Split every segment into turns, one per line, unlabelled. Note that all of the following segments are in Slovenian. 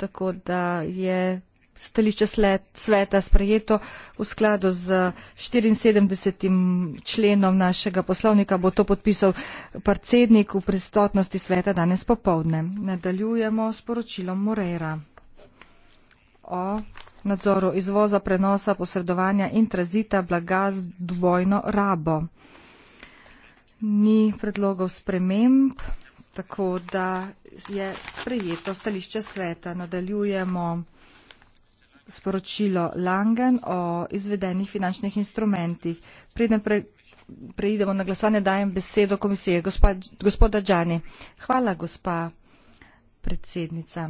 tako da je stališče sveta sprejeto v skladu z 74. členom našega poslovnika. Bo to podpisal predsednik v prisotnosti sveta danes popovdne. Nadaljujemo s poročilom Moreira o nadzoru izvoza, prenosa, posredovanja in tranzita blaga z dvojno rabo. Ni predlogov sprememb tako da je sprejeto stališče sveta. Nadaljujemo sporočilo Langen o izvedenih finančnih instrumentih. Preden pre, preidemo na glasovanje, dajem besedo komisije. Gospa, gospoda Džani. Hvala, gospa predsednica.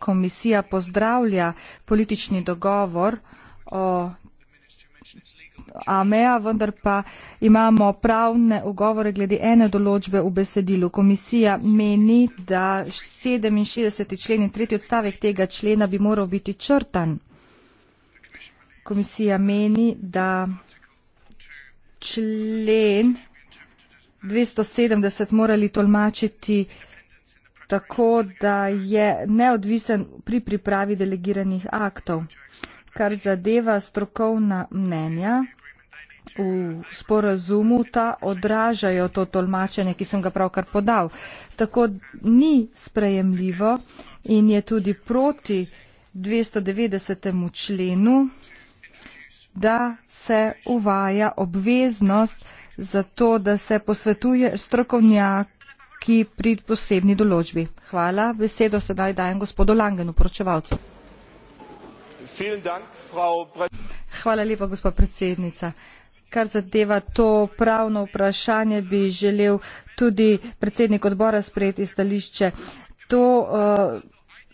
Komisija pozdravlja politični dogovor o. Ameja, vendar pa imamo pravne ugovore glede ene določbe v besedilu. Komisija meni, da 67. člen in tretji odstavek tega člena bi moral biti črtan. Komisija meni, da člen 270 morali tolmačiti tako, da je neodvisen pri pripravi delegiranih aktov kar zadeva strokovna mnenja. V sporazumu ta odražajo to tolmačenje, ki sem ga pravkar podal. Tako ni sprejemljivo in je tudi proti 290. členu, da se uvaja obveznost za to, da se posvetuje strokovnjaki pri posebni določbi. Hvala. Besedo sedaj dajem gospodu Langenu, poročevalcu. Hvala lepa, gospa predsednica. Kar zadeva to pravno vprašanje, bi želel tudi predsednik odbora sprejeti stališče. To uh,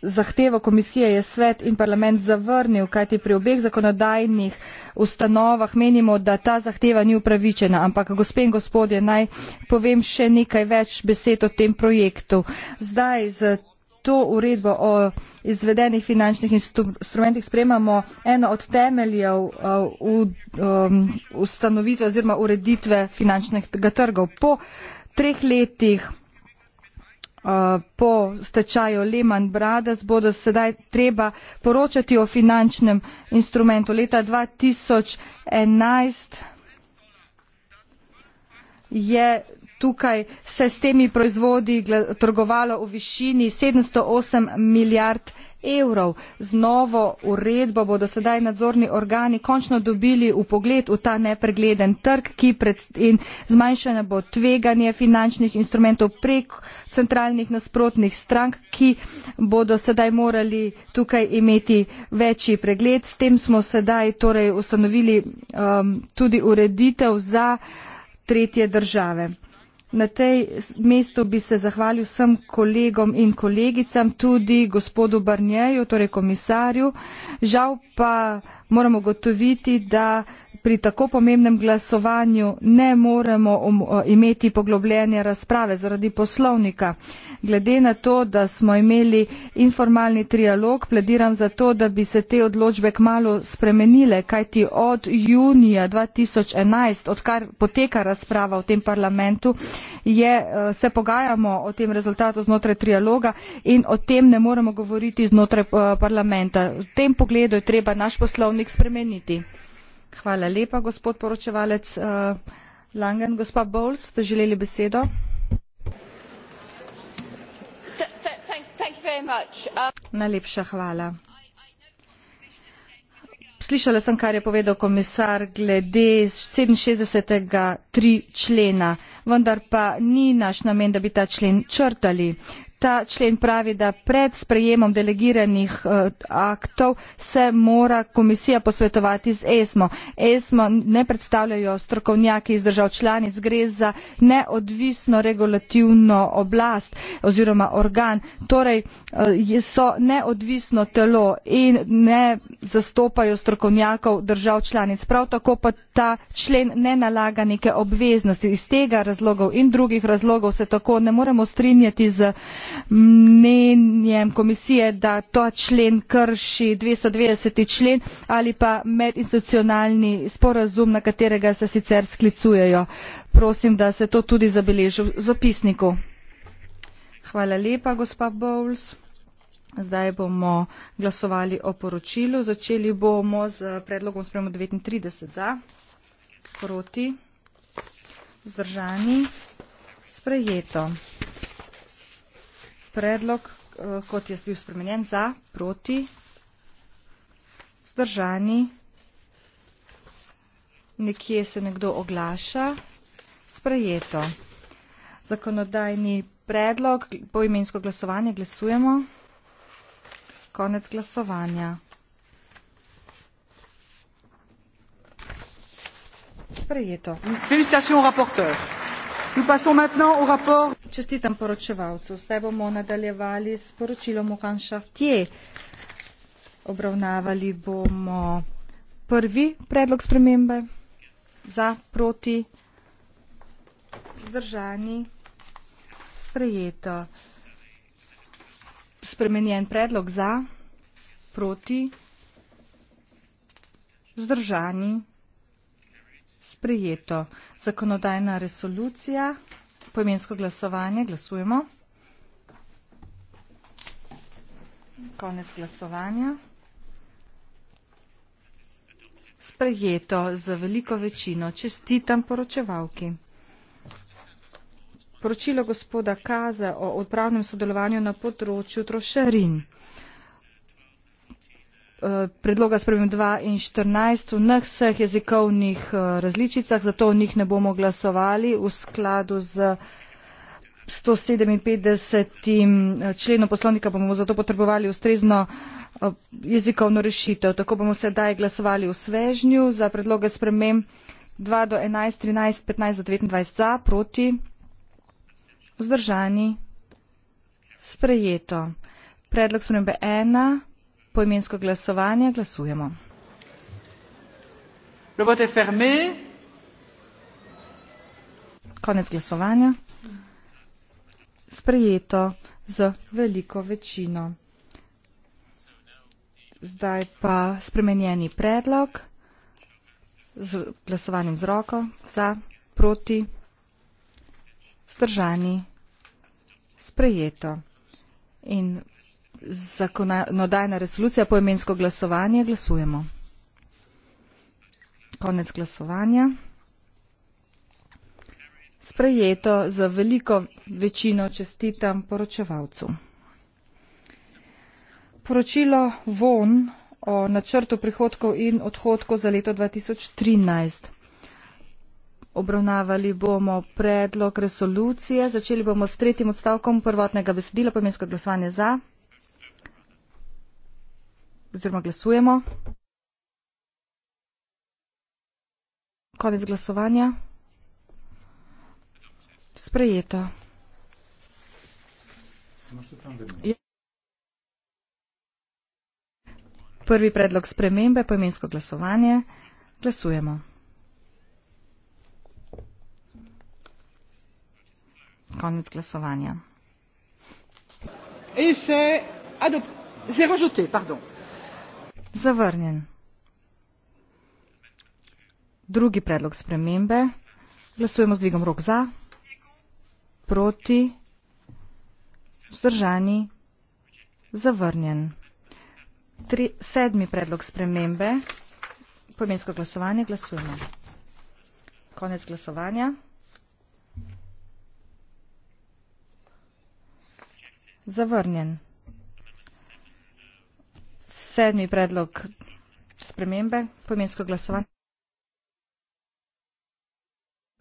zahtevo komisije je svet in parlament zavrnil, kajti pri obeh zakonodajnih ustanovah menimo, da ta zahteva ni upravičena. Ampak, gospe in gospodje, naj povem še nekaj več besed o tem projektu. Zdaj, to uredbo o izvedenih finančnih instrumentih sprejemamo eno od temeljev uh, um, ustanovitve oziroma ureditve finančnega trga. Po treh letih uh, po stečaju Lehman Brothers bodo sedaj treba poročati o finančnem instrumentu. Leta 2011 je tukaj se s temi proizvodi trgovalo v višini 708 milijard evrov. Z novo uredbo bodo sedaj nadzorni organi končno dobili v pogled v ta nepregleden trg pred, in zmanjšanje bo tveganje finančnih instrumentov prek centralnih nasprotnih strank, ki bodo sedaj morali tukaj imeti večji pregled. S tem smo sedaj torej ustanovili um, tudi ureditev za tretje države. Na tej mestu bi se zahvalil vsem kolegom in kolegicam, tudi gospodu Barnjeju, torej komisarju. Žal pa moramo gotoviti, da pri tako pomembnem glasovanju ne moremo um, imeti poglobljene razprave zaradi poslovnika. Glede na to, da smo imeli informalni trialog, plediram za to, da bi se te odločbe kmalo spremenile, kajti od junija 2011, odkar poteka razprava v tem parlamentu, je, e, se pogajamo o tem rezultatu znotraj trialoga in o tem ne moremo govoriti znotraj e, parlamenta. V tem pogledu je treba naš poslovnik spremeniti. Hvala lepa, gospod poročevalec uh, Langen. Gospa Bowles, ste želeli besedo?
Uh,
Najlepša hvala. Slišala sem, kar je povedal komisar glede 67. člena, vendar pa ni naš namen, da bi ta člen črtali ta člen pravi, da pred sprejemom delegiranih eh, aktov se mora komisija posvetovati z ESMO. ESMO ne predstavljajo strokovnjaki iz držav članic, gre za neodvisno regulativno oblast oziroma organ. Torej eh, so neodvisno telo in ne zastopajo strokovnjakov držav članic. Prav tako pa ta člen ne nalaga neke obveznosti. Iz tega razlogov in drugih razlogov se tako ne moremo strinjati z mnenjem komisije, da to člen krši 290. člen ali pa medinstitucionalni sporazum, na katerega se sicer sklicujejo. Prosim, da se to tudi zabeleži v zapisniku. Hvala lepa, gospa Bowles. Zdaj bomo glasovali o poročilu. Začeli bomo z predlogom spremo 39 za, proti, zdržani, sprejeto predlog, eh, kot je bil spremenjen, za, proti, zdržani. Nekje se nekdo oglaša, sprejeto. Zakonodajni predlog, poimensko glasovanje, glasujemo. Konec glasovanja. Sprejeto. Felicitacijo, raporter. Čestitam poročevalcu. Zdaj bomo nadaljevali s poročilom Okanšahtje. Obravnavali bomo prvi predlog spremembe za proti zdržani sprejeto. Spremenjen predlog za proti zdržani sprejeto. Zakonodajna resolucija, poimensko glasovanje, glasujemo. Konec glasovanja. Sprejeto za veliko večino. Čestitam poročevalki. Poročilo gospoda Kaza o odpravnem sodelovanju na področju trošarin. Eh, predloga sprememb 2014 v vseh jezikovnih eh, različicah, zato o njih ne bomo glasovali v skladu z 157. Eh, členom poslovnika bomo zato potrebovali ustrezno jezikovno rešitev. Tako bomo sedaj glasovali v svežnju za predloge spremem 2 do 11, 13, 15 do 29 za, proti, vzdržani, sprejeto. Predlog spremembe 1 poimensko glasovanje glasujemo. Konec glasovanja. Sprejeto z veliko večino. Zdaj pa spremenjeni predlog z glasovanjem z roko za, proti, vzdržani, sprejeto. In zakonodajna resolucija poimensko glasovanje. Glasujemo. Konec glasovanja. Sprejeto za veliko večino čestitam poročevalcu. Poročilo VON o načrtu prihodkov in odhodkov za leto 2013. Obravnavali bomo predlog resolucije. Začeli bomo s tretjim odstavkom prvotnega besedila pomensko glasovanje za oziroma glasujemo. Konec glasovanja. Sprejeto. Prvi predlog spremembe, poimensko glasovanje. Glasujemo. Konec glasovanja. In se, adop, se rožote, pardon. Zavrnjen. Drugi predlog spremembe. Glasujemo z dvigom rok za. Proti. Vzdržani. Zavrnjen. Tri, sedmi predlog spremembe. Pojmensko glasovanje. Glasujemo. Konec glasovanja. Zavrnjen sedmi predlog spremembe pomensko glasovanje.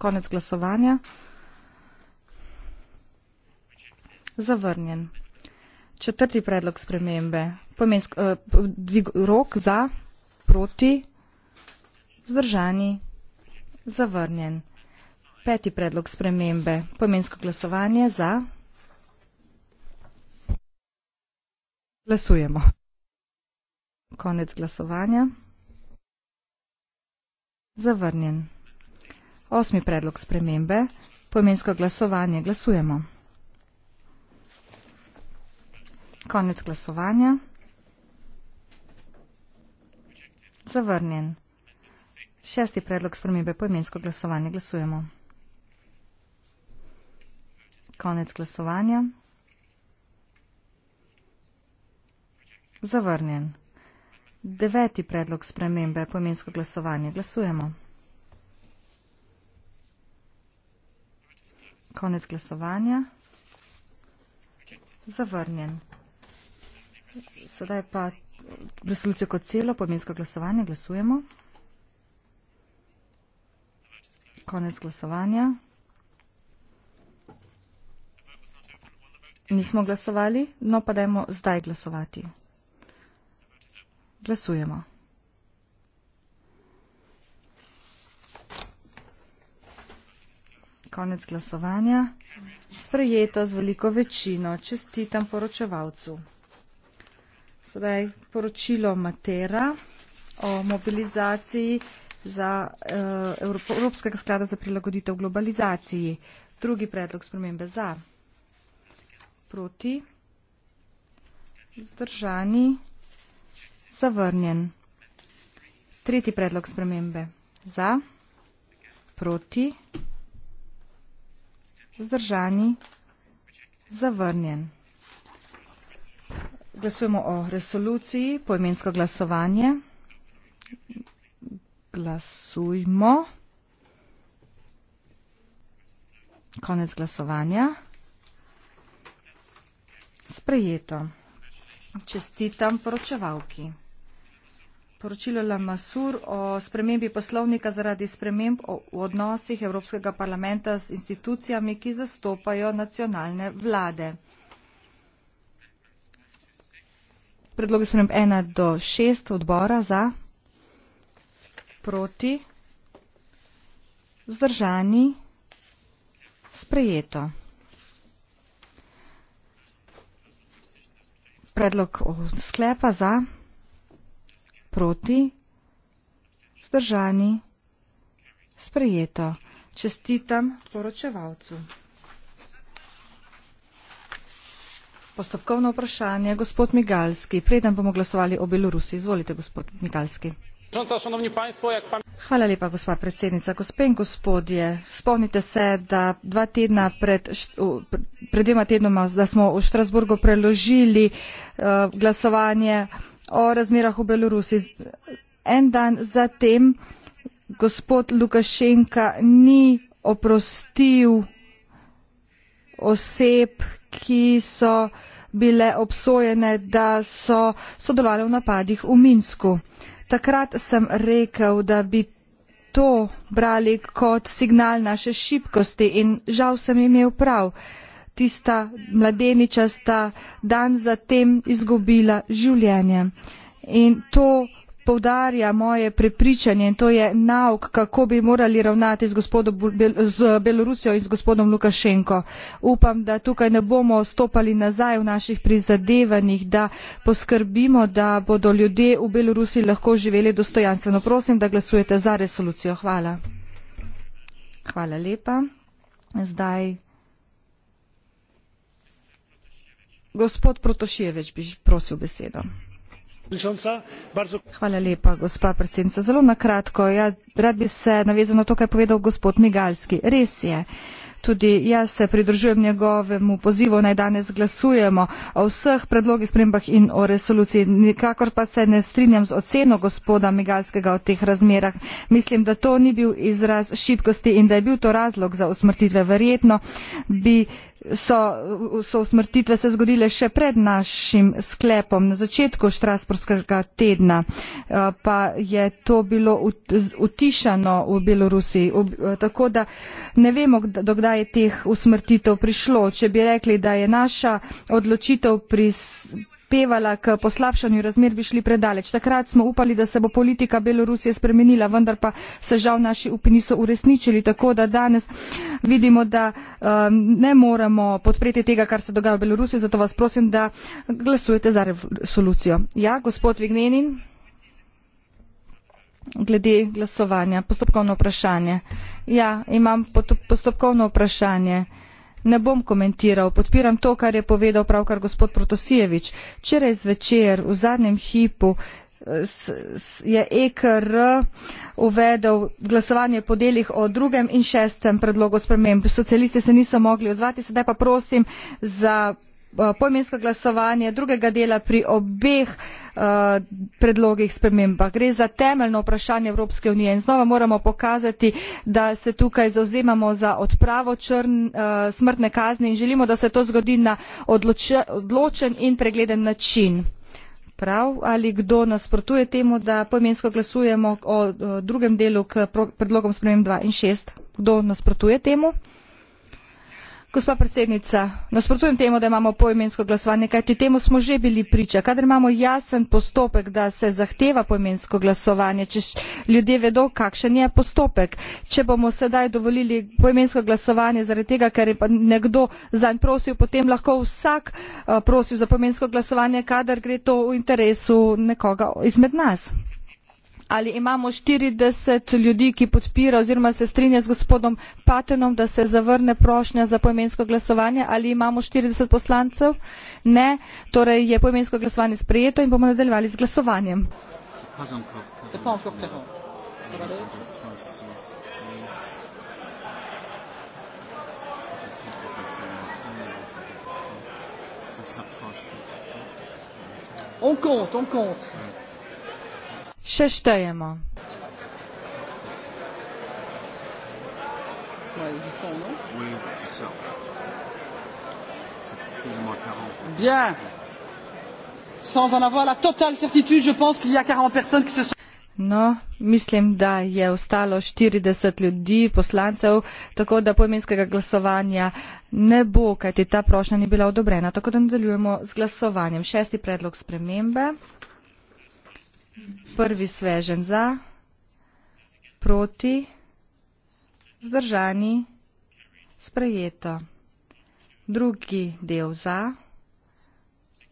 Konec glasovanja. Zavrnjen. Četrti predlog spremembe. Pomensko, eh, dvig, rok za, proti, vzdržani, zavrnjen. Peti predlog spremembe. Pomensko glasovanje za. Glasujemo. Konec glasovanja. Zavrnjen. Osmi predlog spremembe. Poimensko glasovanje. Glasujemo. Konec glasovanja. Zavrnjen. Šesti predlog spremembe. Poimensko glasovanje. Glasujemo. Konec glasovanja. Zavrnjen deveti predlog spremembe pomensko glasovanje. Glasujemo. Konec glasovanja. Zavrnjen. Sedaj pa resolucijo kot celo pomensko glasovanje. Glasujemo. Konec glasovanja. Nismo glasovali, no pa dajmo zdaj glasovati. Glasujemo. Konec glasovanja. Sprejeto z veliko večino. Čestitam poročevalcu. Sedaj poročilo Matera o mobilizaciji za eh, Evropskega sklada za prilagoditev globalizaciji. Drugi predlog spremembe za. Proti. Zdržani. Zavrnjen. Tretji predlog spremembe. Za, proti, vzdržani, zavrnjen. Glasujemo o resoluciji, poimensko glasovanje. Glasujmo. Konec glasovanja. Sprejeto. Čestitam poročevalki poročilo Lamasur o spremembi poslovnika zaradi sprememb v odnosih Evropskega parlamenta s institucijami, ki zastopajo nacionalne vlade. Predloge sprememb 1 do 6 odbora za, proti, vzdržani, sprejeto. Predlog sklepa za proti, vzdržani, sprejeto. Čestitam poročevalcu. Postopkovno vprašanje, gospod Migalski. Preden bomo glasovali o Belorusi. Izvolite, gospod Migalski. Hvala lepa, gospa predsednica. Gospe in gospodje, spomnite se, da dva tedna pred, pred dvema tednoma, da smo v Štrasburgu preložili uh, glasovanje o razmerah v Belorusi. En dan zatem gospod Lukašenka ni oprostil oseb, ki so bile obsojene, da so sodelovali v napadih v Minsku. Takrat sem rekel, da bi to brali kot signal naše šibkosti in žal sem imel prav tista mladeničasta dan zatem izgubila življenje. In to povdarja moje prepričanje in to je nauk, kako bi morali ravnati z, gospodom, z Belorusijo in z gospodom Lukašenko. Upam, da tukaj ne bomo stopali nazaj v naših prizadevanjih, da poskrbimo, da bodo ljudje v Belorusiji lahko živeli dostojanstveno. Prosim, da glasujete za resolucijo. Hvala. Hvala lepa. Zdaj gospod protosevič bi prosil besedo Hvala lepa, gospa predsednica. Zelo na kratko, ja, rad bi se navezal na to, kar je povedal gospod Migalski. Res je, tudi jaz se pridružujem njegovemu pozivu, naj danes glasujemo o vseh predlogih spremembah in o resoluciji. Nikakor pa se ne strinjam z oceno gospoda Migalskega o teh razmerah. Mislim, da to ni bil izraz šibkosti in da je bil to razlog za usmrtitve. Verjetno bi so, so usmrtitve se zgodile še pred našim sklepom, na začetku Štrasburskega tedna, eh, pa je to bilo utišano v Belorusiji. Eh, tako da ne vemo, dokdaj je teh usmrtitev prišlo. Če bi rekli, da je naša odločitev pri prispevala k poslabšanju razmer, bi šli predaleč. Takrat smo upali, da se bo politika Belorusije spremenila, vendar pa se žal naši upi niso uresničili, tako da danes vidimo, da um, ne moremo podpreti tega, kar se dogaja v Belorusiji, zato vas prosim, da glasujete za resolucijo. Ja, gospod Vignenin, glede glasovanja, postopkovno vprašanje. Ja, imam postopkovno vprašanje ne bom komentiral. Podpiram to, kar je povedal pravkar gospod Protosijevič. Včeraj zvečer, v zadnjem hipu, eh, je EKR uvedel glasovanje po delih o drugem in šestem predlogu sprememb. Socialisti se niso mogli odzvati, sedaj pa prosim za Eh, pojmensko glasovanje drugega dela pri obeh eh, predlogih sprememba. Gre za temeljno vprašanje Evropske unije in znova moramo pokazati, da se tukaj zauzemamo za odpravo črn, eh, smrtne kazni in želimo, da se to zgodi na odločen in pregleden način. Prav ali kdo nasprotuje temu, da pojmensko glasujemo o drugem delu k predlogom sprememb 2 in 6? Kdo nasprotuje temu? gospa predsednica nasprotujem temu da imamo poimensko glasovanje kajti temu smo že bili priča kadar imamo jasen postopek da se zahteva poimensko glasovanje če ljudje vedo kakšen je postopek če bomo sedaj dovolili poimensko glasovanje zaradi tega ker je pa nekdo zanj prosil potem lahko vsak eh, prosi za poimensko glasovanje kadar gre to v interesu nekoga izmed nas ali imamo štirideset ljudi ki podpira oziroma se strinja z gospodom pattenom da se zavrne prošnja za poimensko glasovanje ali imamo štirideset poslancev ne torej je poimensko glasovanje sprejeto in bomo nadaljevali z glasovanjem On compte, on compte še štejemo. No, mislim, da je ostalo 40 ljudi, poslancev, tako da poimenskega glasovanja ne bo, kajti ta prošnja ni bila odobrena. Tako da nadaljujemo z glasovanjem. Šesti predlog spremembe. Prvi sveženj za, proti, vzdržani, sprejeto. Drugi del za,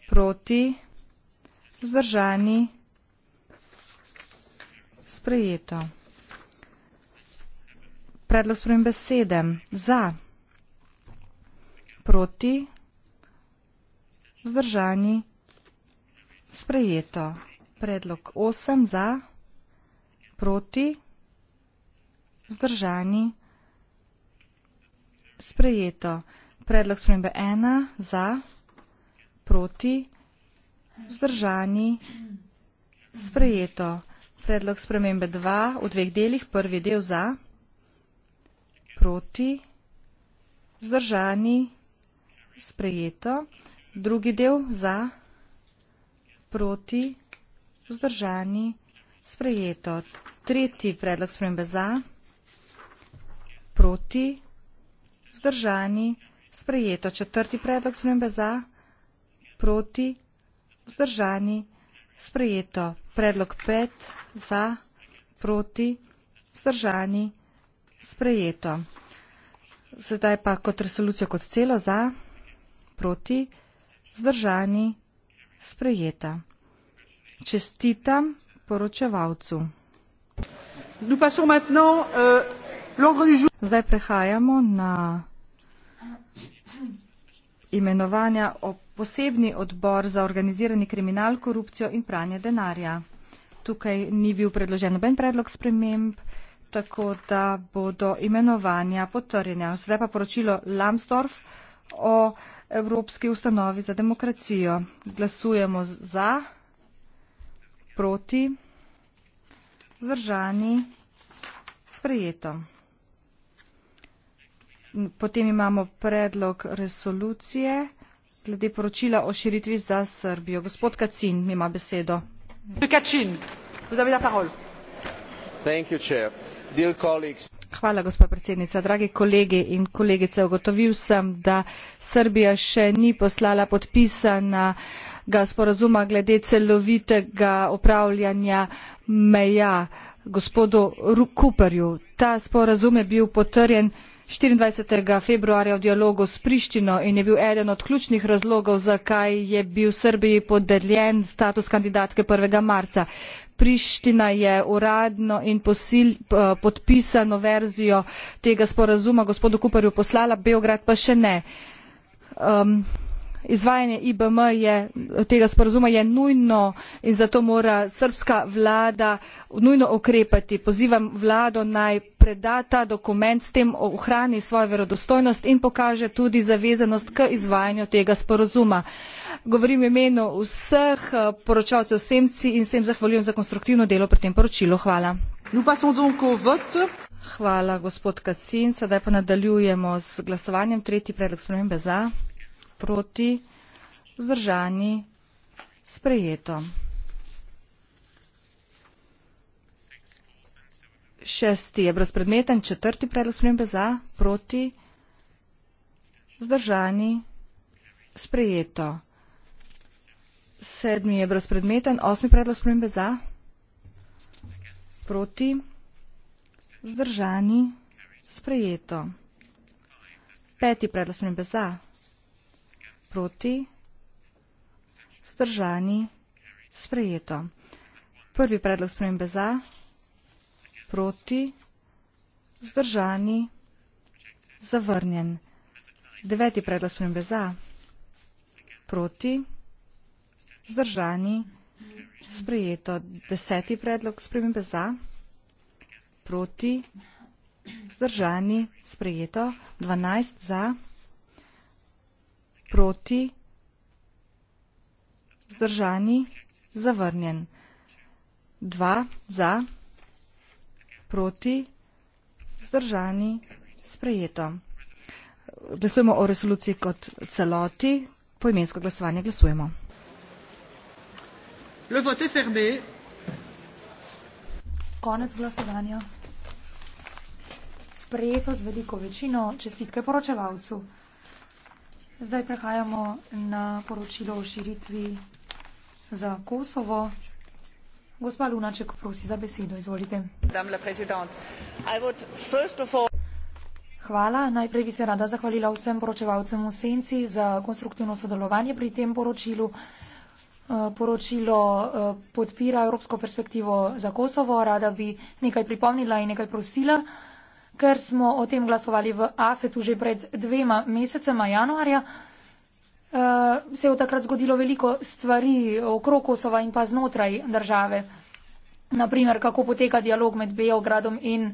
proti, vzdržani, sprejeto. Predlog sprem besede za, proti, vzdržani, sprejeto. Predlog osem za, proti, vzdržani, sprejeto. Predlog spremembe ena za, proti, vzdržani, sprejeto. Predlog spremembe dva v dveh delih, prvi del za, proti, vzdržani, sprejeto. Drugi del za, proti, vzdržani. Vzdržani. Sprejeto. Tretji predlog spremembe za. Proti. Vzdržani. Sprejeto. Četrti predlog spremembe za. Proti. Vzdržani. Sprejeto. Predlog pet. Za. Proti. Vzdržani. Sprejeto. Sedaj pa kot resolucijo kot celo za. Proti. Vzdržani. Sprejeta. Čestitam poročevalcu. Euh, Zdaj prehajamo na imenovanja o posebni odbor za organizirani kriminal, korupcijo in pranje denarja. Tukaj ni bil predložen noben predlog sprememb, tako da bodo imenovanja potrjenja. Zdaj pa poročilo Lambsdorff o Evropski ustanovi za demokracijo. Glasujemo za proti, vzdržani, sprejeto. Potem imamo predlog resolucije glede poročila o širitvi za Srbijo. Gospod Kacin ima besedo. Hvala, gospod predsednica. Dragi kolegi in kolegice, ugotovil sem, da Srbija še ni poslala podpisa na ga sporazuma glede celovitega upravljanja meja gospodu cooperju. ta sporazum je bil potrjen štiriindvajset februarja v dialogu s prištino in je bil eden od ključnih razlogov zakaj je bil srbiji podeljen status kandidatke prvega marca. priština je uradno in posil, podpisano verzijo tega sporazuma gospodu cooperju poslala beograd pa še ne. Um, izvajanje ibm tega sporazuma je nujno in zato mora srbska vlada nujno ukrepati. pozivam vlado naj preda ta dokument s tem ohrani svojo verodostojnost in pokaže tudi zavezanost k izvajanju tega sporazuma. govorim v imenu vseh eh, poročevalcev semci in se jim zahvaljujem za konstruktivno delo pri tem poročilu. hvala. hvala gospod kacin. sedaj pa nadaljujemo z glasovanjem. tretji predlog spremembe za proti, vzdržani, sprejeto. Šesti je brezpredmeten, četrti predlog spremembe za, proti, vzdržani, sprejeto. Sedmi je brezpredmeten, osmi predlog spremembe za, proti, vzdržani, sprejeto. Peti predlog spremembe za, proti, vzdržani, sprejeto. Prvi predlog spremembe za, proti, vzdržani, zavrnjen. Deveti predlog spremembe za, proti, vzdržani, sprejeto. Deseti predlog spremembe za, proti, vzdržani, sprejeto. Dvanajst za, proti, vzdržani, sprejeto proti, vzdržani, zavrnjen. Dva, za, proti, vzdržani, sprejeto. Glasujemo o resoluciji kot celoti, po imensko glasovanje glasujemo.
Le vote je fermé. Konec glasovanja. Sprejeto z veliko večino, čestitke poročevalcu. Zdaj prehajamo na poročilo o širitvi za Kosovo. Gospa Lunaček, prosi za besedo, izvolite. Hvala. Najprej bi se rada zahvalila vsem poročevalcem v Senci za konstruktivno sodelovanje pri tem poročilu. Eh, poročilo eh, podpira evropsko perspektivo za Kosovo. Rada bi nekaj pripomnila in nekaj prosila ker smo o tem glasovali v AFET-u že pred dvema mesecema januarja. Uh, se je v takrat zgodilo veliko stvari okrog Kosova in pa znotraj države. Naprimer, kako poteka dialog med Beogradom in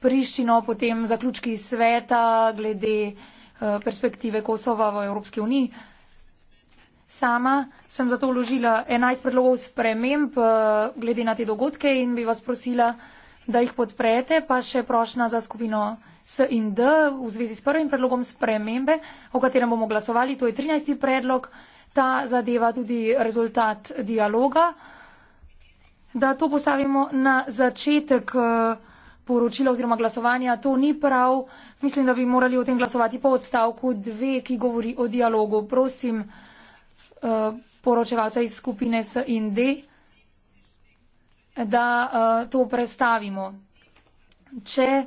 Priščino, potem zaključki sveta glede uh, perspektive Kosova v Evropski uniji. Sama sem zato vložila 11 predlogov sprememb uh, glede na te dogodke in bi vas prosila, uh, da jih podprete, pa še prošnja za skupino S in D v zvezi s prvim predlogom spremembe, o katerem bomo glasovali. To je 13. predlog, ta zadeva tudi rezultat dialoga. Da to postavimo na začetek eh, poročila oziroma glasovanja, to ni prav. Mislim, da bi morali o tem glasovati po odstavku 2, ki govori o dialogu. Prosim, eh, poročevalca iz skupine S in D da uh, to prestavimo. Če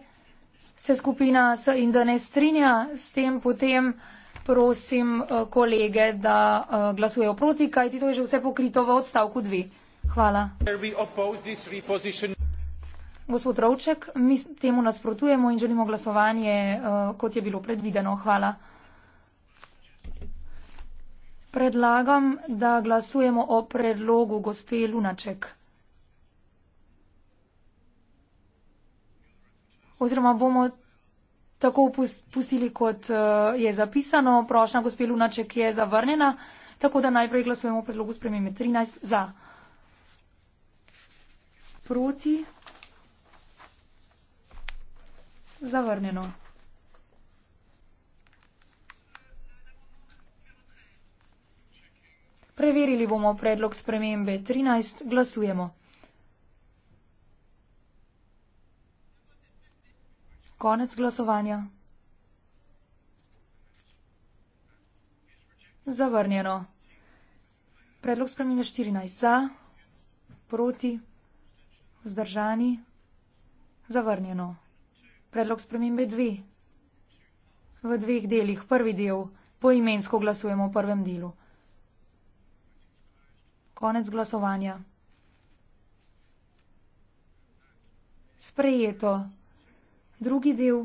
se skupina S in D ne strinja s tem, potem prosim uh, kolege, da uh, glasujejo proti, kajti to je že vse pokrito v odstavku 2. Hvala. Gospod Rovček, mi temu nasprotujemo in želimo glasovanje, uh, kot je bilo predvideno. Hvala. Predlagam, da glasujemo o predlogu gospe Lunaček. oziroma bomo tako pustili, kot eh, je zapisano. Prošnja gospe Lunaček je zavrnjena, tako da najprej glasujemo v predlogu spremembe 13 za. Proti. Zavrnjeno. Preverili bomo predlog spremembe 13. Glasujemo. Konec glasovanja. Zavrnjeno. Predlog spremljanja 14. Za, proti, vzdržani. Zavrnjeno. Predlog spremembe dve. V dveh delih. Prvi del. Po imensko glasujemo v prvem delu. Konec glasovanja. Sprejeto. Drugi del,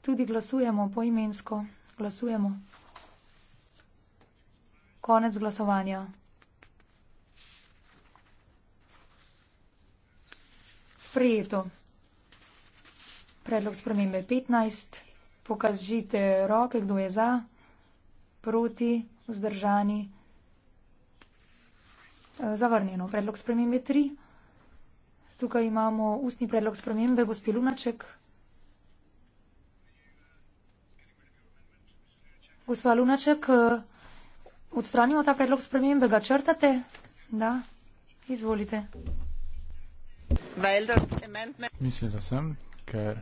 tudi glasujemo poimensko, glasujemo. Konec glasovanja. Sprejeto. Predlog spremembe 15. Pokažite roke, kdo je za, proti, vzdržani. Zavrnjeno. Predlog spremembe 3. Tukaj imamo ustni predlog spremembe, gospod Lunaček. Gospa Lunaček, eh, odstranimo ta predlog spremembe, ga črtate? Da, izvolite.
Mislim, da sem, ker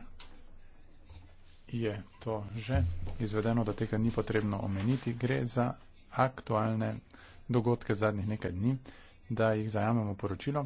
je to že izvedeno, da tega ni potrebno omeniti. Gre za aktualne dogodke zadnjih nekaj dni, da jih zajamemo poročilo.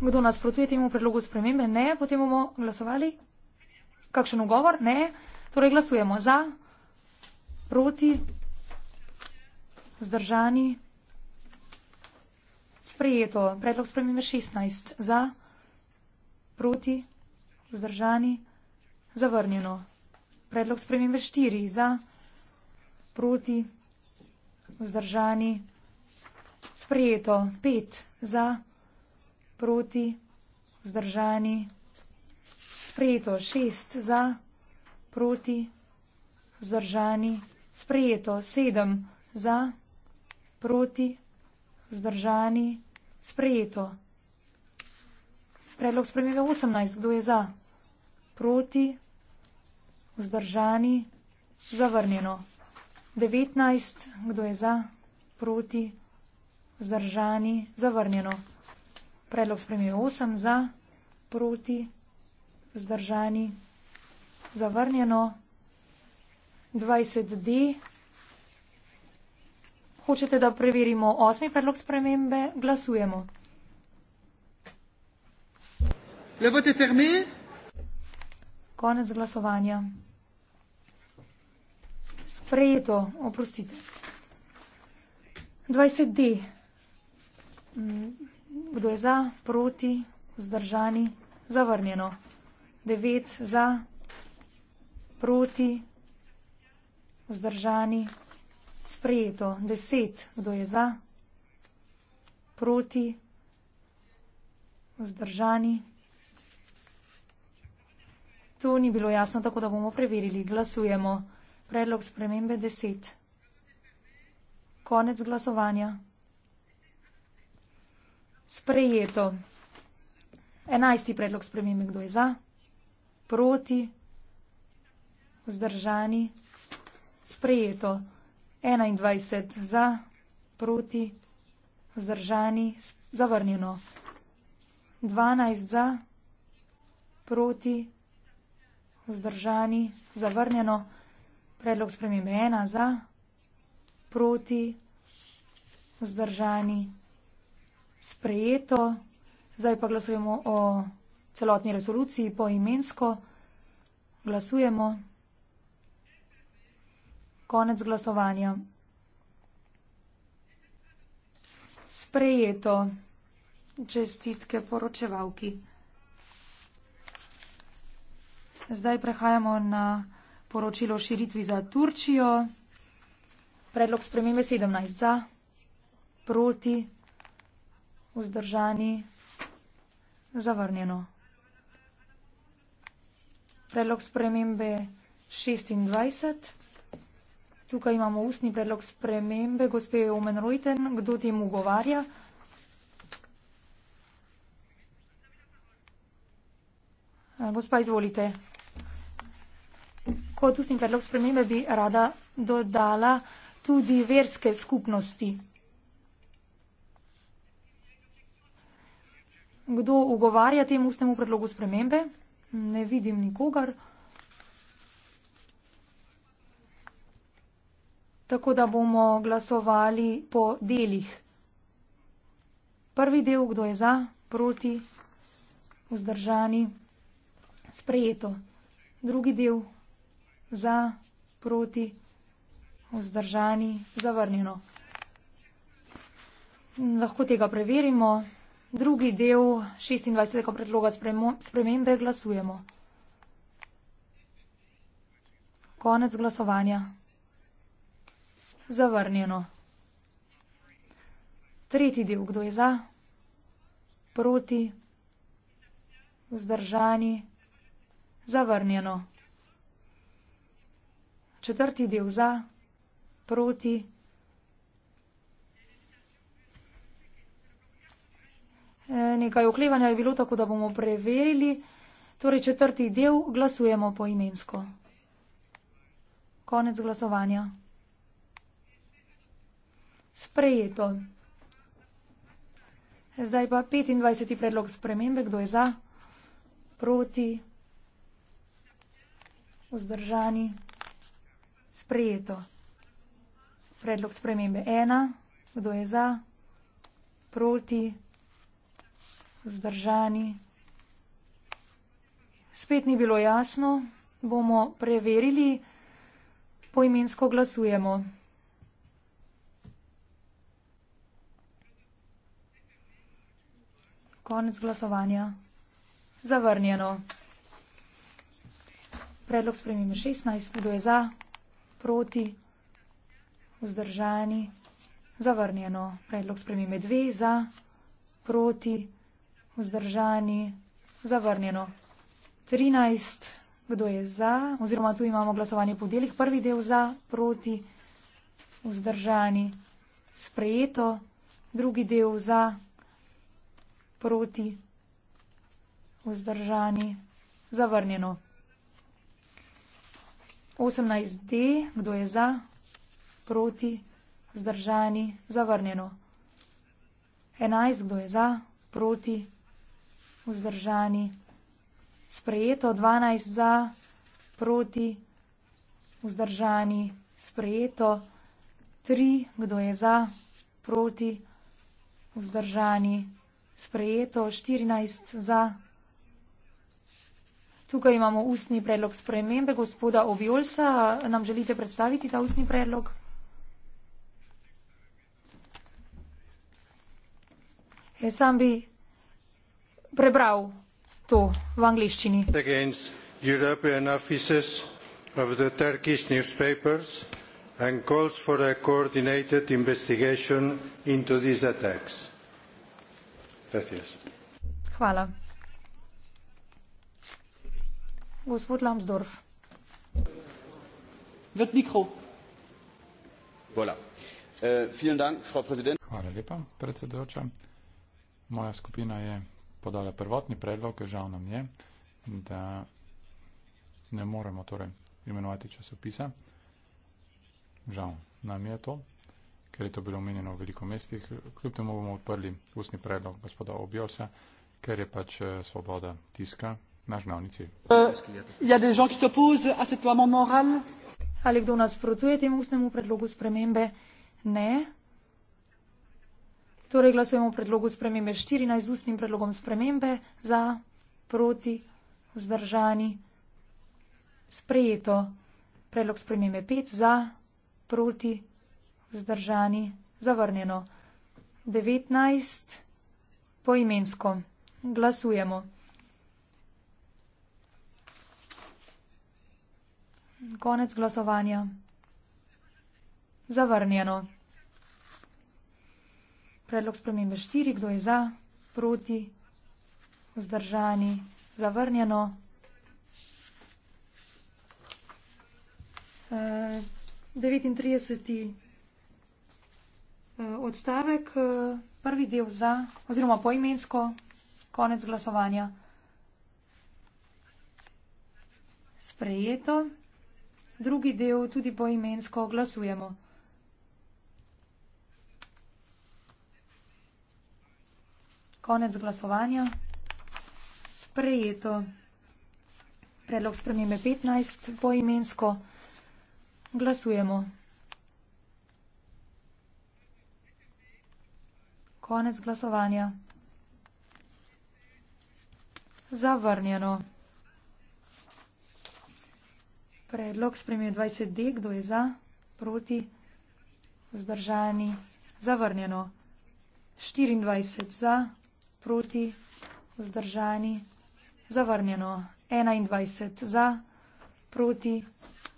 kdo nasprotuje temu predlogu spremembe? Ne. Potem bomo glasovali. Kakšen ugovor? Ne. Torej glasujemo za, proti, vzdržani. Sprejeto. Predlog spremembe šestnajst za, proti, vzdržani, zavrnjeno. Predlog spremembe štiri za, proti, vzdržani vzdržani. Sprijeto 5 za, proti, vzdržani. Sprijeto 6 za, proti, vzdržani. Sprijeto 7 za, proti, vzdržani. Sprijeto. Predlog spremembe 18. Kdo je za? Proti, vzdržani, zavrnjeno. 19, kdo je za, proti, zdržani, zavrnjeno. Predlog spremijo 8 za, proti, zdržani, zavrnjeno. 20D. Hočete, da preverimo osmi predlog spremembe? Glasujemo. Le vote fermé. Konec glasovanja. Fredo, oprostite. 20D. Mm, kdo je za, proti, vzdržani, zavrnjeno. 9 za, proti, vzdržani, sprejeto. 10, kdo je za, proti, vzdržani. To ni bilo jasno, tako da bomo preverili. Glasujemo. Predlog spremembe deset. Konec glasovanja. Sprejeto. Enajsti predlog spremembe. Kdo je za? Proti? Vzdržani? Sprejeto. Enaindvajset za, proti, vzdržani, zavrnjeno. Dvanajst za, proti, vzdržani, zavrnjeno. Predlog spremembe ena za, proti, vzdržani, sprejeto. Zdaj pa glasujemo o celotni resoluciji poimensko. Glasujemo. Konec glasovanja. Sprejeto. Čestitke poročevalki. Zdaj prehajamo na poročilo o širitvi za Turčijo. Predlog spremembe 17 za, proti, vzdržani, zavrnjeno. Predlog spremembe 26. Tukaj imamo ustni predlog spremembe, gospe Omen Rojten, kdo tem ugovarja? Gospa, izvolite kot ustni predlog spremembe bi rada dodala tudi verske skupnosti. Kdo ugovarja temu ustnemu predlogu spremembe? Ne vidim nikogar. Tako da bomo glasovali po delih. Prvi del, kdo je za, proti, vzdržani, sprejeto. Drugi del, za, proti, vzdržani, zavrnjeno. Lahko tega preverimo. Drugi del 26. predloga spremembe glasujemo. Konec glasovanja. Zavrnjeno. Tretji del, kdo je za, proti, vzdržani, zavrnjeno četrti del za, proti. E, nekaj oklevanja je bilo tako, da bomo preverili. Torej, četrti del glasujemo po imensko. Konec glasovanja. Sprejeto. Zdaj pa 25. predlog spremembe. Kdo je za? Proti? Vzdržani? sprejeto. Predlog spremembe ena. Kdo je za? Proti? Zdržani? Spet ni bilo jasno. Bomo preverili. Poimensko glasujemo. Konec glasovanja. Zavrnjeno. Predlog spremembe 16. Kdo je za? proti, vzdržani, zavrnjeno. Predlog spremembe dve za, proti, vzdržani, zavrnjeno. 13. Kdo je za? Oziroma tu imamo glasovanje po delih. Prvi del za, proti, vzdržani, sprejeto. Drugi del za, proti, vzdržani, zavrnjeno. 18D, kdo je za, proti, zdržani, zavrnjeno. 11, kdo je za, proti, vzdržani, sprejeto. 12 za, proti, vzdržani, sprejeto. 3, kdo je za, proti, vzdržani, sprejeto. 14 za, proti. Tukaj imamo ustni predlog spremembe. Gospoda Oviolsa, nam želite predstaviti ta ustni predlog? E, sam bi prebral to v angliščini. Hvala. Gospod Lambsdorff.
Vrt mikro. Voilà. Uh, dank, Hvala lepa, predsedujoča. Moja skupina je podala prvotni predlog, žal nam je, da ne moremo torej imenovati časopisa. Žal nam je to, ker je to bilo omenjeno v veliko mestih. Kljub temu bomo odprli ustni predlog gospoda Obiosa, ker je pač eh, svoboda tiska naš glavni cilj.
Ali kdo nasprotuje temu ustnemu predlogu spremembe? Ne. Torej glasujemo o predlogu spremembe 14 z ustnim predlogom spremembe za, proti, vzdržani, sprejeto. Predlog spremembe 5 za, proti, vzdržani, zavrnjeno. 19 poimensko. Glasujemo. Konec glasovanja. Zavrnjeno. Predlog spremembe štiri. Kdo je za? Proti? Vzdržani? Zavrnjeno. Uh, 39. Uh, odstavek, uh, prvi del za, oziroma poimensko, konec glasovanja. Sprejeto drugi del tudi poimensko oglasujemo. Konec glasovanja. Sprejeto. Predlog spremembe 15 poimensko. Glasujemo. Konec glasovanja. Zavrnjeno. Predlog spremenje 20D, kdo je za, proti, vzdržani, zavrnjeno. 24 za, proti, vzdržani, zavrnjeno. 21 za, proti,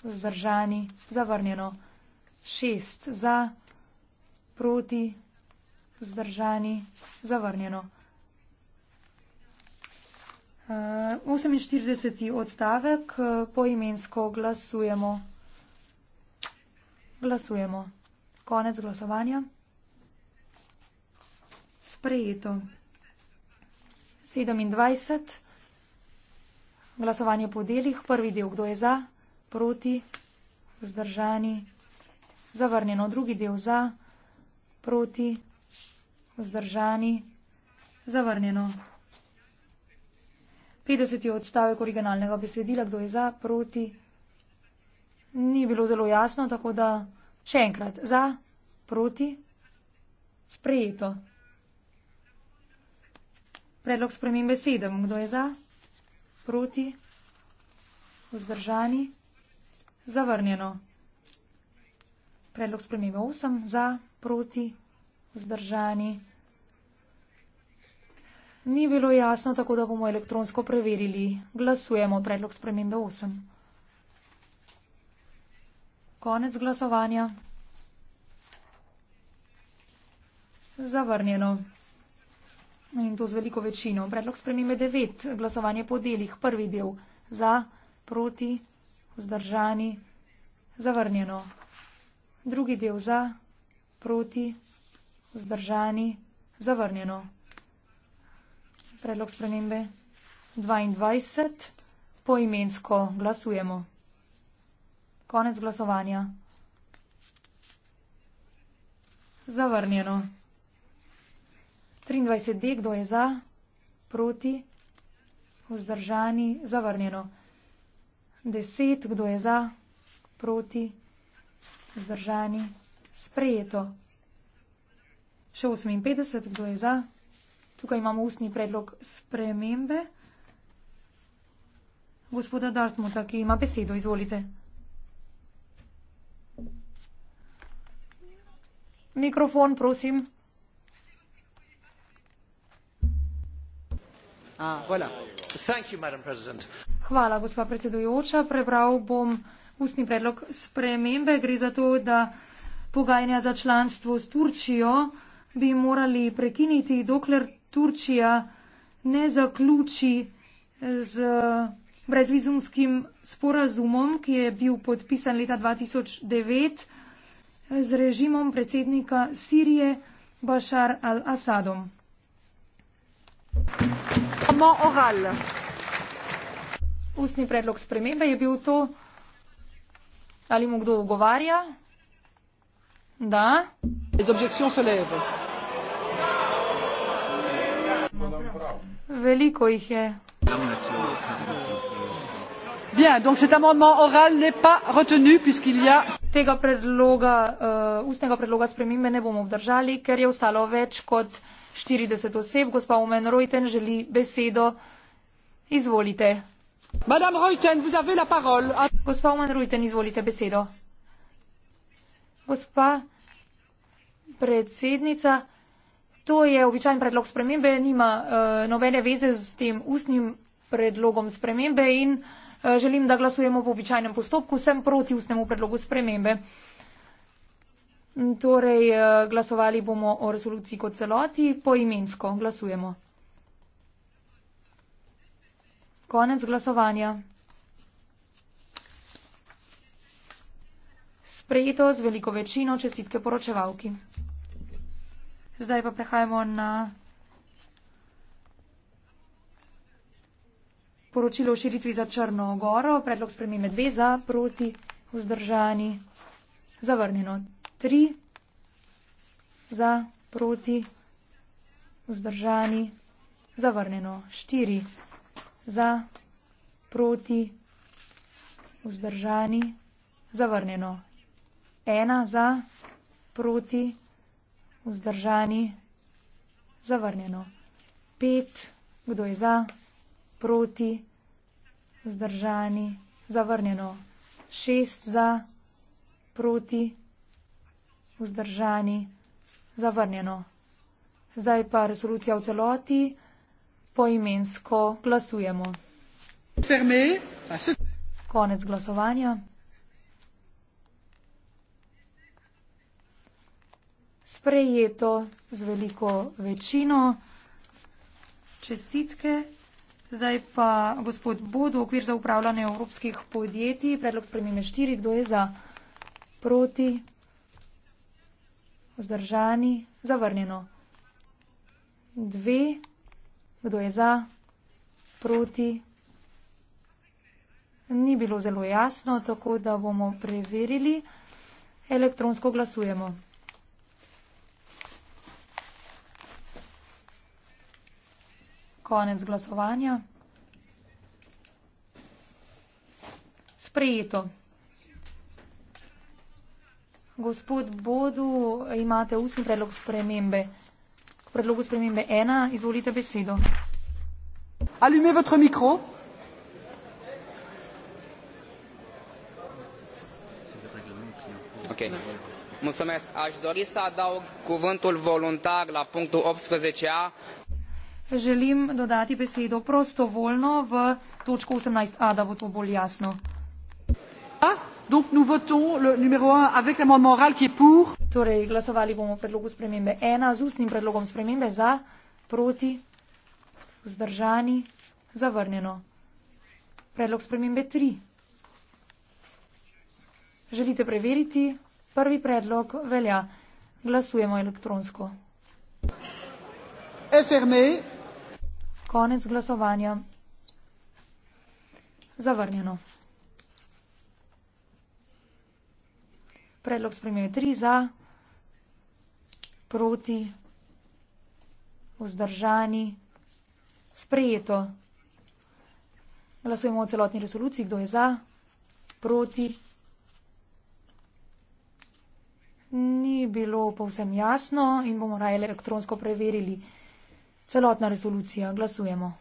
vzdržani, zavrnjeno. 6 za, proti, vzdržani, zavrnjeno. 48. odstavek, eh, poimensko glasujemo. Glasujemo. Konec glasovanja. Sprejeto. 27. Glasovanje po delih. Prvi del, kdo je za, proti, vzdržani. Zavrnjeno. Drugi del za, proti, vzdržani. Zavrnjeno. 50. odstavek originalnega besedila, kdo je za, proti. Ni bilo zelo jasno, tako da še enkrat za, proti, sprejeto. Predlog spremembe 7. Kdo je za, proti, vzdržani, zavrnjeno. Predlog spremembe 8. Za, proti, vzdržani, zavrnjeno. Ni bilo jasno, tako da bomo elektronsko preverili. Glasujemo predlog spremembe 8. Konec glasovanja. Zavrnjeno. In to z veliko večino. Predlog spremembe 9. Glasovanje po delih. Prvi del. Za, proti, vzdržani. Zavrnjeno. Drugi del. Za, proti, vzdržani. Zavrnjeno predlog spremembe 22, poimensko glasujemo. Konec glasovanja. Zavrnjeno. 23 D, kdo je za, proti, vzdržani, zavrnjeno. 10, kdo je za, proti, vzdržani, sprejeto. Še 58, kdo je za, Tukaj imamo ustni predlog spremembe. Gospoda Dartmuta, ki ima besedo, izvolite. Mikrofon, prosim. Ah, Hvala, gospa predsedujoča. Prebral bom ustni predlog spremembe. Gre za to, da pogajanja za članstvo s Turčijo bi morali prekiniti, dokler Turčija ne zaključi z brezvizumskim sporazumom, ki je bil podpisan leta 2009 z režimom predsednika Sirije Bašar al-Asadom. Ustni predlog spremembe je bil to, ali mu kdo ogovarja. Da. Les objections se lèvent. Veliko jih je. Bien, donc cet amendement
oral n'est pas retenu puisqu'il y a...
Tega predloga, uh, ustnega predloga spremembe ne bomo obdržali, ker je ostalo več kot 40 oseb. Gospa Omen Reuten želi besedo. Izvolite. Madame Reuten, vous avez la parole. A... Gospa Omen Reuten, izvolite besedo. Gospa predsednica. To je običajen predlog spremembe, nima uh, nobene veze z tem ustnim predlogom spremembe in uh, želim, da glasujemo po običajnem postopku, sem proti ustnemu predlogu spremembe. Torej, uh, glasovali bomo o resoluciji kot celoti, poimensko glasujemo. Konec glasovanja. Sprejeto z veliko večino čestitke poročevalki. Zdaj pa prehajamo na poročilo o širitvi za Črno goro. Predlog spremembe dve za, proti, vzdržani, zavrnjeno. Tri za, proti, vzdržani, zavrnjeno. Štiri za, proti, vzdržani, zavrnjeno. Ena za, proti, vzdržani vzdržani, zavrnjeno. 5, kdo je za, proti, vzdržani, zavrnjeno. 6 za, proti, vzdržani, zavrnjeno. Zdaj pa resolucija v celoti, poimensko glasujemo. Fermi. Ah, Konec glasovanja. sprejeto z veliko večino. Čestitke. Zdaj pa gospod Bodo, okvir za upravljanje evropskih podjetij, predlog spremembe štiri, kdo je za proti, vzdržani, zavrnjeno. Dve, kdo je za proti, ni bilo zelo jasno, tako da bomo preverili. Elektronsko glasujemo. konec glasovanja. Sprejeto. Gospod Bodu, imate ustni predlog spremembe. K predlogu spremembe ena, izvolite besedo.
Alume votre mikro. Ok.
Mulțumesc. Aș dori să adaug cuvântul voluntar la punctul 18a želim dodati besedo prostovoljno v točko 18a, da bo to bolj jasno. Torej, glasovali bomo o predlogu spremembe 1 z ustnim predlogom spremembe za, proti, vzdržani, zavrnjeno. Predlog spremembe 3. Želite preveriti? Prvi predlog velja. Glasujemo elektronsko. Fermé. Konec glasovanja. Zavrnjeno. Predlog spremljajo tri za, proti, vzdržani, sprejeto. Glasujemo o celotni resoluciji, kdo je za, proti. Ni bilo povsem jasno in bomo raje elektronsko preverili. Celotna resolucija. Glasujemo.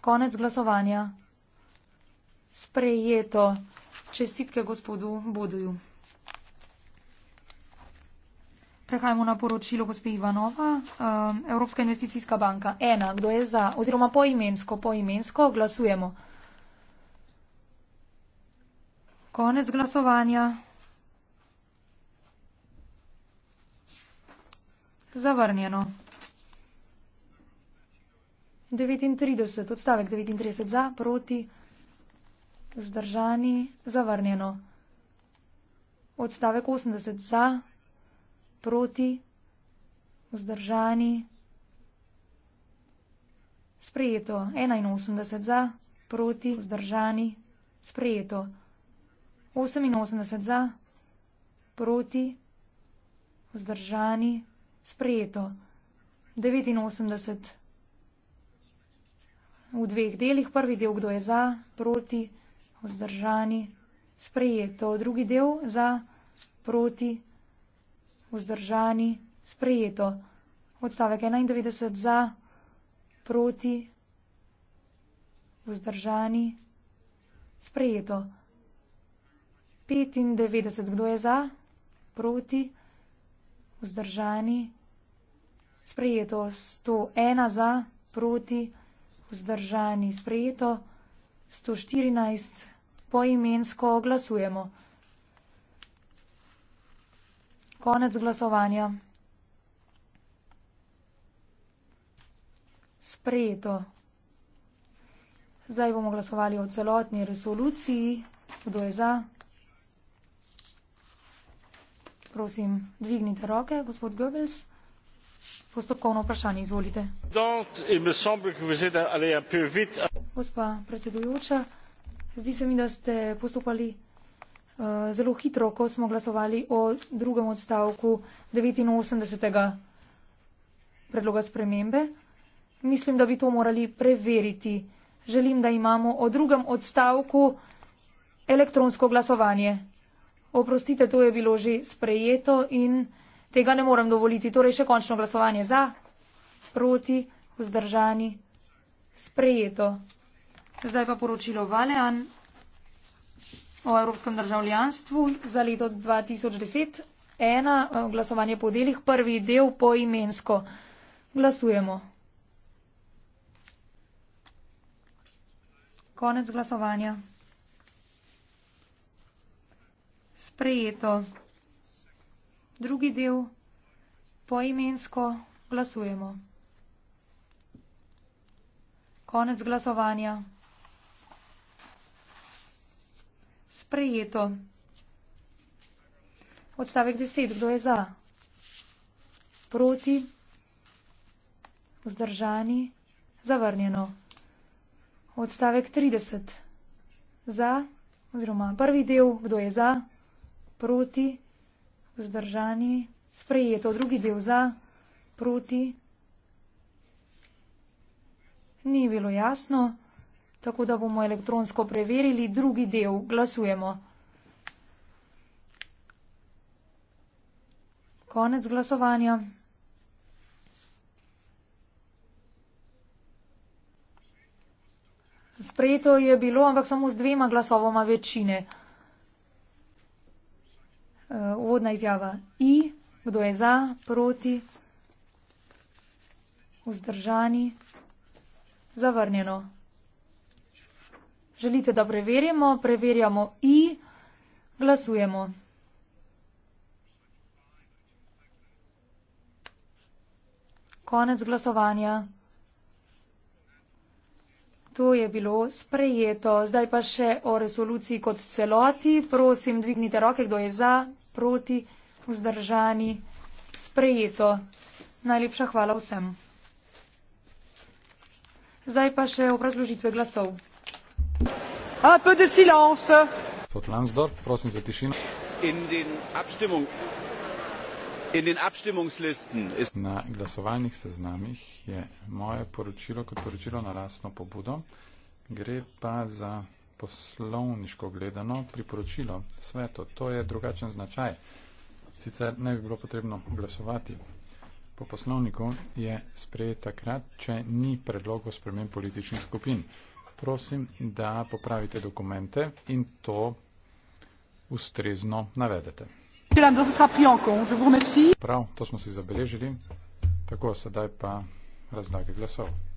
Konec glasovanja. Sprejeto. Čestitke gospodu Boduju. Prehajamo na poročilo gospe Ivanova. Um, Evropska investicijska banka. Ena. Kdo je za? Oziroma poimensko. Poimensko. Glasujemo. Konec glasovanja. Zavrnjeno. 39, odstavek 39 za, proti, zdržani, zavrnjeno. Odstavek 80 za, proti, zdržani, sprejeto. 81 za, proti, zdržani, sprejeto. 88 za, proti, zdržani, sprejeto sprejeto. 89 v dveh delih. Prvi del, kdo je za, proti, vzdržani, sprejeto. Drugi del, za, proti, vzdržani, sprejeto. Odstavek 91 za, proti, vzdržani, sprejeto. 95, kdo je za, proti, vzdržani vzdržani. Sprejeto 101 za, proti, vzdržani. Sprejeto 114, poimensko glasujemo. Konec glasovanja. Sprejeto. Zdaj bomo glasovali o celotni resoluciji. Kdo je za? Prosim, dvignite roke, gospod Goebbels. Postopkovno vprašanje, izvolite. Gospa predsedujoča, zdi se mi, da ste postopali uh, zelo hitro, ko smo glasovali o drugem odstavku 89. predloga spremembe. Mislim, da bi to morali preveriti. Želim, da imamo o drugem odstavku elektronsko glasovanje. Oprostite, to je bilo že sprejeto in tega ne morem dovoliti. Torej še končno glasovanje za, proti, vzdržani, sprejeto. Zdaj pa poročilo Valean o evropskem državljanstvu za leto 2010. Ena eh, glasovanje po delih, prvi del po imensko. Glasujemo. Konec glasovanja. sprejeto. Drugi del poimensko glasujemo. Konec glasovanja. Sprejeto. Odstavek 10. Kdo je za? Proti? Vzdržani? Zavrnjeno. Odstavek 30. Za? Oziroma prvi del. Kdo je za? proti, vzdržani, sprejeto, drugi del za, proti. Ni bilo jasno, tako da bomo elektronsko preverili drugi del, glasujemo. Konec glasovanja. Sprejeto je bilo, ampak samo z dvema glasovoma večine. Eh, uvodna izjava I, kdo je za, proti, vzdržani, zavrnjeno. Želite, da preverimo? Preverjamo I, glasujemo. Konec glasovanja. To je bilo sprejeto. Zdaj pa še o resoluciji kot celoti. Prosim, dvignite roke, kdo je za, proti, vzdržani, sprejeto. Najlepša hvala vsem. Zdaj pa še obrazložitve glasov. A peu
de silence.
Pod Lansdorf, prosim za tišino.
In den abstimmung. In den abstimmungslisten.
Ist... Na glasovalnih seznamih je moje poročilo kot poročilo na lastno pobudo. Gre pa za poslovniško gledano priporočilo, sveto. To je drugačen značaj. Sicer ne bi bilo potrebno glasovati. Po poslovniku je sprejet takrat, če ni predlogov spremen političnih skupin. Prosim, da popravite dokumente in to ustrezno navedete. Prav, to smo si zabeležili. Tako, sedaj pa razlage glasov.